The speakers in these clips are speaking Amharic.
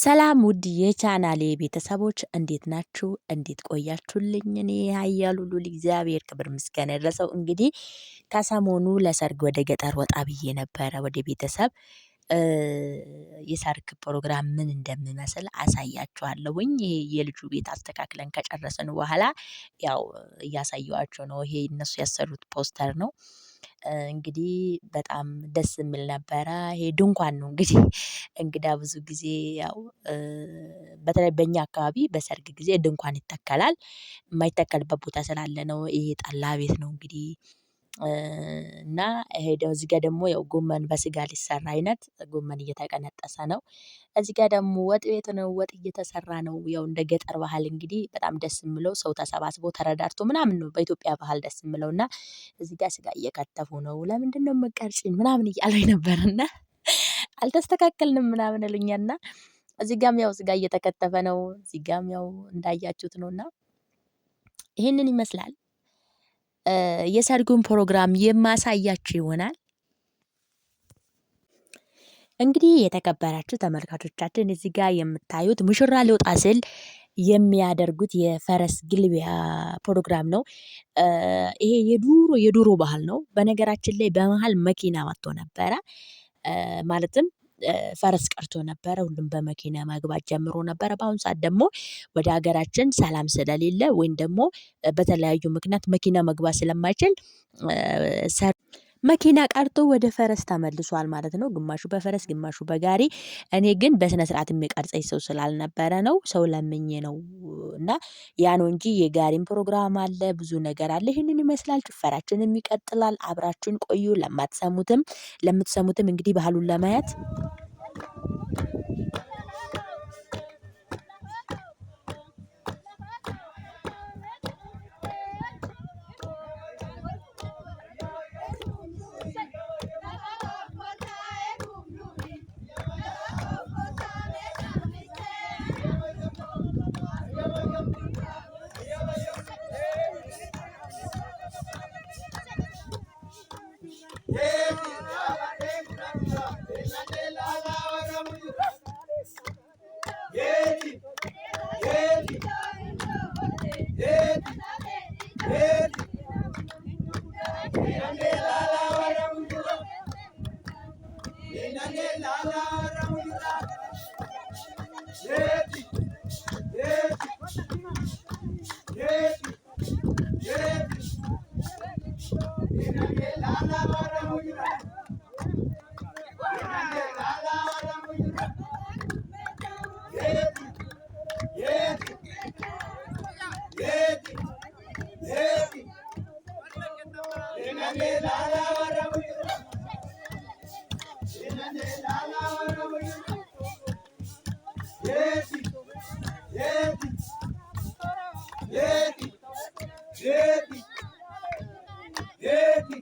ሰላም ውድ የቻናሌ ቤተሰቦች እንዴት ናችሁ? እንዴት ቆያችሁልኝ? እኔ ሀያሉ ልዑል እግዚአብሔር ክብር ምስጋና የደረሰው። እንግዲህ ከሰሞኑ ለሰርግ ወደ ገጠር ወጣ ብዬ ነበረ ወደ ቤተሰብ የሰርግ ፕሮግራም ምን እንደሚመስል አሳያችኋለሁኝ። ይሄ የልጁ ቤት አስተካክለን ከጨረስን በኋላ ያው እያሳየኋቸው ነው። ይሄ እነሱ ያሰሩት ፖስተር ነው። እንግዲህ በጣም ደስ የሚል ነበረ። ይሄ ድንኳን ነው እንግዲህ እንግዳ ብዙ ጊዜ ያው በተለይ በእኛ አካባቢ በሰርግ ጊዜ ድንኳን ይተከላል። የማይተከልበት ቦታ ስላለ ነው። ይሄ ጠላ ቤት ነው እንግዲህ እና ይሄ እዚህ ጋር ደግሞ ያው ጎመን በስጋ ሊሰራ አይነት ጎመን እየተቀነጠሰ ነው። እዚህ ጋር ደግሞ ወጥ ቤት ነው፣ ወጥ እየተሰራ ነው። ያው እንደ ገጠር ባህል እንግዲህ በጣም ደስ የምለው ሰው ተሰባስቦ ተረዳድቶ ምናምን ነው በኢትዮጵያ ባህል ደስ የምለው እና እዚህ ጋር ስጋ እየከተፉ ነው። ለምንድን ነው የምትቀርጪኝ ምናምን እያሉኝ ነበር አልተስተካከልንም ምናምን ልኛና እዚህ ጋም ያው ስጋ እየተከተፈ ነው። እዚህ ጋም ያው እንዳያችሁት ነውና ይሄንን ይመስላል። የሰርጉን ፕሮግራም የማሳያችሁ ይሆናል። እንግዲህ የተከበራችሁ ተመልካቾቻችን እዚህ ጋር የምታዩት ሙሽራ ሊወጣ ስል የሚያደርጉት የፈረስ ግልቢያ ፕሮግራም ነው። ይሄ የዱሮ የዱሮ ባህል ነው። በነገራችን ላይ በመሀል መኪና መጥቶ ነበረ ማለትም ፈረስ ቀርቶ ነበረ። ሁሉም በመኪና መግባት ጀምሮ ነበረ። በአሁኑ ሰዓት ደግሞ ወደ ሀገራችን ሰላም ስለሌለ ወይም ደግሞ በተለያዩ ምክንያት መኪና መግባት ስለማይችል መኪና ቀርቶ ወደ ፈረስ ተመልሷል ማለት ነው። ግማሹ በፈረስ ግማሹ በጋሪ። እኔ ግን በስነ ስርዓት የሚቀርጸኝ ሰው ስላልነበረ ነው ሰው ለምኜ ነው እና ያ ነው እንጂ የጋሪም ፕሮግራም አለ፣ ብዙ ነገር አለ። ይህንን ይመስላል። ጭፈራችንም ይቀጥላል። አብራችን ቆዩ። ለማትሰሙትም ለምትሰሙትም እንግዲህ ባህሉን ለማየት Yeti, yeti, yeti, yeti,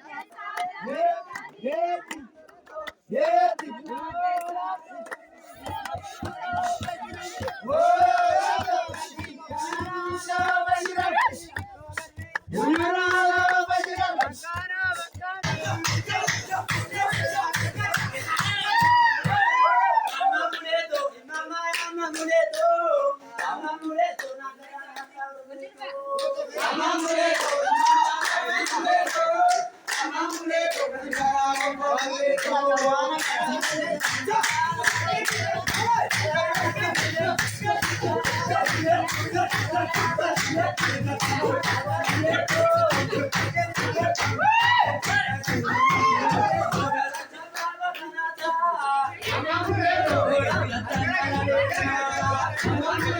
Come on,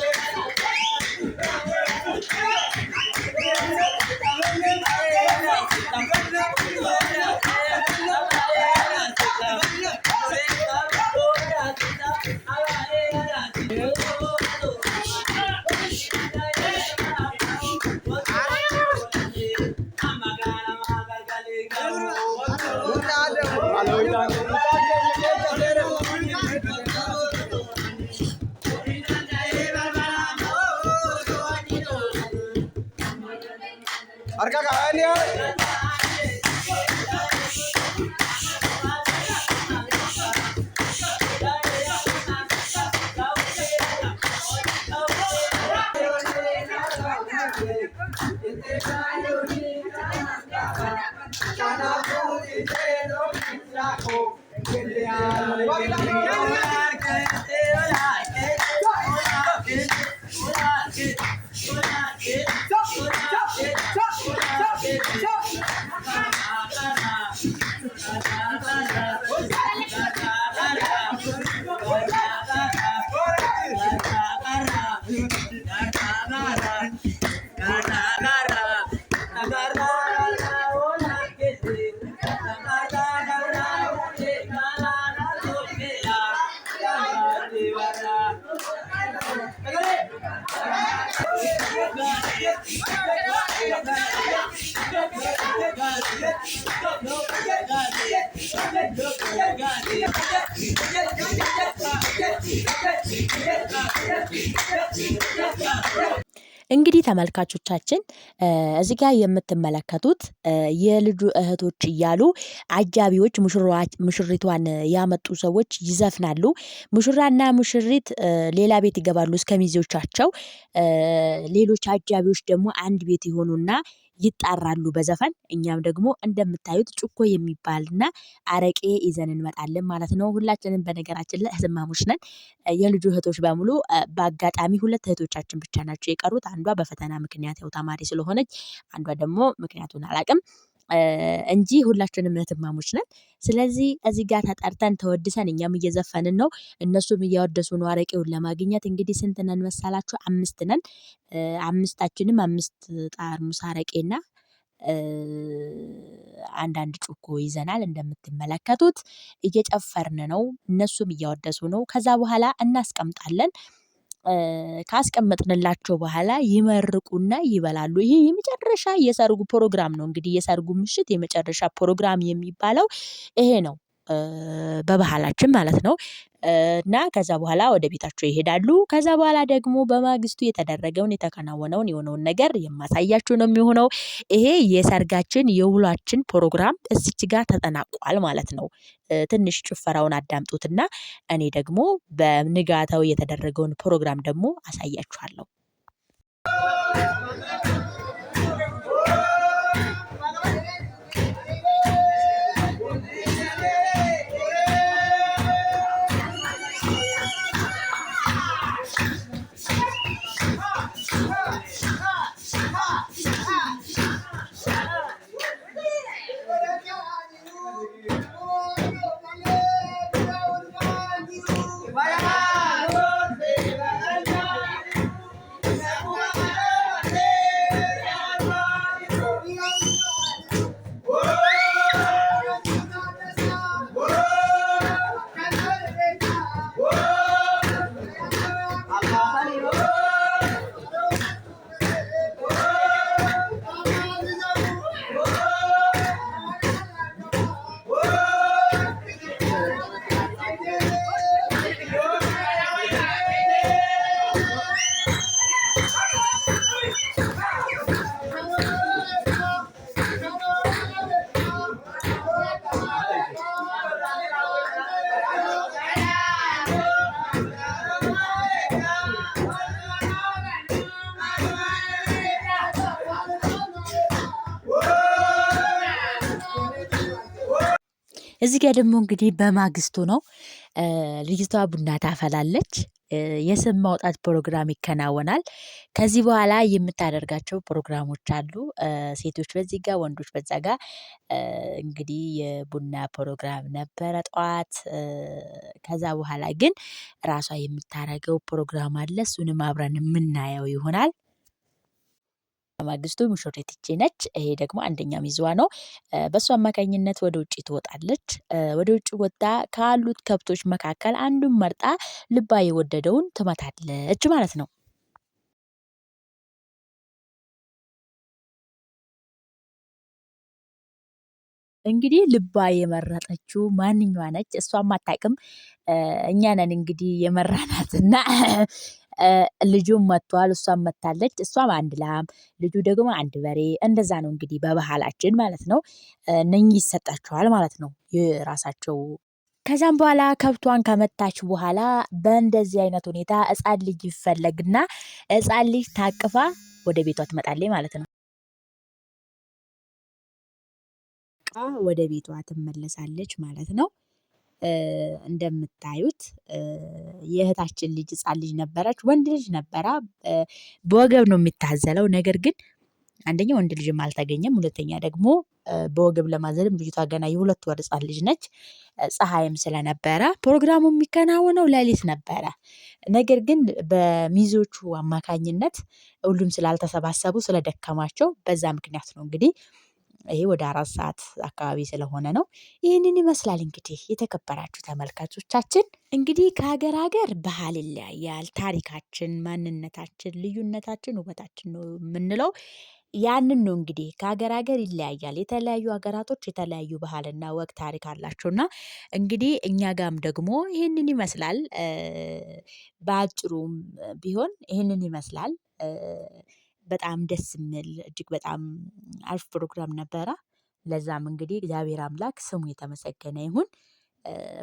और क्या कहा ተመልካቾቻችን እዚህ ጋር የምትመለከቱት የልጁ እህቶች እያሉ አጃቢዎች ሙሽሪቷን ያመጡ ሰዎች ይዘፍናሉ። ሙሽራና ሙሽሪት ሌላ ቤት ይገባሉ እስከ ሚዜዎቻቸው። ሌሎች አጃቢዎች ደግሞ አንድ ቤት ይሆኑና ይጣራሉ በዘፈን እኛም ደግሞ እንደምታዩት ጭኮ የሚባልና አረቄ ይዘን እንመጣለን ማለት ነው። ሁላችንም በነገራችን ላይ እህትማማቾች ነን። የልጁ እህቶች በሙሉ በአጋጣሚ ሁለት እህቶቻችን ብቻ ናቸው የቀሩት። አንዷ በፈተና ምክንያት ያው ተማሪ ስለሆነች አንዷ ደግሞ ምክንያቱን አላቅም። እንጂ ሁላችንም እህትማማቾች ነን። ስለዚህ እዚህ ጋር ተጠርተን ተወድሰን እኛም እየዘፈንን ነው እነሱም እያወደሱ ነው። አረቄውን ለማግኘት እንግዲህ ስንት ነን መሰላችሁ? አምስት ነን። አምስታችንም አምስት ጠርሙስ አረቄና አንዳንድ ጩኮ ይዘናል። እንደምትመለከቱት እየጨፈርን ነው እነሱም እያወደሱ ነው። ከዛ በኋላ እናስቀምጣለን ካስቀመጥንላቸው በኋላ ይመርቁና ይበላሉ። ይሄ የመጨረሻ የሰርጉ ፕሮግራም ነው። እንግዲህ የሰርጉ ምሽት የመጨረሻ ፕሮግራም የሚባለው ይሄ ነው በባህላችን ማለት ነው። እና ከዛ በኋላ ወደ ቤታቸው ይሄዳሉ ከዛ በኋላ ደግሞ በማግስቱ የተደረገውን የተከናወነውን የሆነውን ነገር የማሳያችሁ ነው የሚሆነው ይሄ የሰርጋችን የውሏችን ፕሮግራም እዚች ጋር ተጠናቋል ማለት ነው። ትንሽ ጭፈራውን አዳምጡትና እኔ ደግሞ በንጋታው የተደረገውን ፕሮግራም ደግሞ አሳያችኋለሁ። እዚህ ጋር ደግሞ እንግዲህ በማግስቱ ነው ልጅቷ ቡና ታፈላለች። የስም ማውጣት ፕሮግራም ይከናወናል። ከዚህ በኋላ የምታደርጋቸው ፕሮግራሞች አሉ። ሴቶች በዚህ ጋር፣ ወንዶች በዛ ጋር እንግዲህ የቡና ፕሮግራም ነበረ ጠዋት። ከዛ በኋላ ግን ራሷ የምታደርገው ፕሮግራም አለ። እሱንም አብረን የምናየው ይሆናል። በማግስቱ ሙሽሪት ነች። ይሄ ደግሞ አንደኛ ሚዜዋ ነው። በእሱ አማካኝነት ወደ ውጭ ትወጣለች። ወደ ውጭ ወጣ ካሉት ከብቶች መካከል አንዱን መርጣ ልባ የወደደውን ትመታለች ማለት ነው። እንግዲህ ልባ የመረጠችው ማንኛዋ ነች? እሷም አታውቅም። እኛ ነን እንግዲህ እና ልጁም መጥቷል፣ እሷም መታለች። እሷም አንድ ላም፣ ልጁ ደግሞ አንድ በሬ። እንደዛ ነው እንግዲህ በባህላችን ማለት ነው። ነኝ ይሰጣቸዋል ማለት ነው የራሳቸው ከዛም በኋላ ከብቷን ከመታች በኋላ በእንደዚህ አይነት ሁኔታ ህፃን ልጅ ይፈለግና ሕፃን ልጅ ታቅፋ ወደ ቤቷ ትመጣለች ማለት ነው። ወደ ቤቷ ትመለሳለች ማለት ነው። እንደምታዩት የእህታችን ልጅ ህፃን ልጅ ነበረች። ወንድ ልጅ ነበራ። በወገብ ነው የሚታዘለው። ነገር ግን አንደኛ ወንድ ልጅም አልተገኘም፣ ሁለተኛ ደግሞ በወገብ ለማዘልም ልጅቷ ገና የሁለት ወር ህፃን ልጅ ነች። ፀሐይም ስለነበረ ፕሮግራሙ የሚከናወነው ሌሊት ነበረ። ነገር ግን በሚዜዎቹ አማካኝነት ሁሉም ስላልተሰባሰቡ ስለደከማቸው በዛ ምክንያት ነው እንግዲህ ይሄ ወደ አራት ሰዓት አካባቢ ስለሆነ ነው። ይህንን ይመስላል እንግዲህ የተከበራችሁ ተመልካቾቻችን እንግዲህ ከሀገር ሀገር ባህል ይለያያል ታሪካችን ማንነታችን ልዩነታችን ውበታችን ነው የምንለው። ያንን ነው እንግዲህ ከሀገር ሀገር ይለያያል የተለያዩ ሀገራቶች የተለያዩ ባህልና ወግ ታሪክ አላቸው እና እንግዲህ እኛ ጋም ደግሞ ይህንን ይመስላል። በአጭሩም ቢሆን ይህንን ይመስላል። በጣም ደስ የሚል እጅግ በጣም አሪፍ ፕሮግራም ነበረ። ለዛም እንግዲህ እግዚአብሔር አምላክ ስሙ የተመሰገነ ይሁን።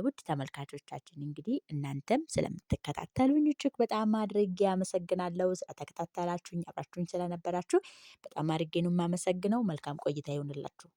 ውድ ተመልካቾቻችን እንግዲህ እናንተም ስለምትከታተሉኝ እጅግ በጣም አድርጌ አመሰግናለሁ። ስለተከታተላችሁኝ አብራችሁኝ ስለነበራችሁ በጣም አድርጌ ነው የማመሰግነው። መልካም ቆይታ ይሁንላችሁ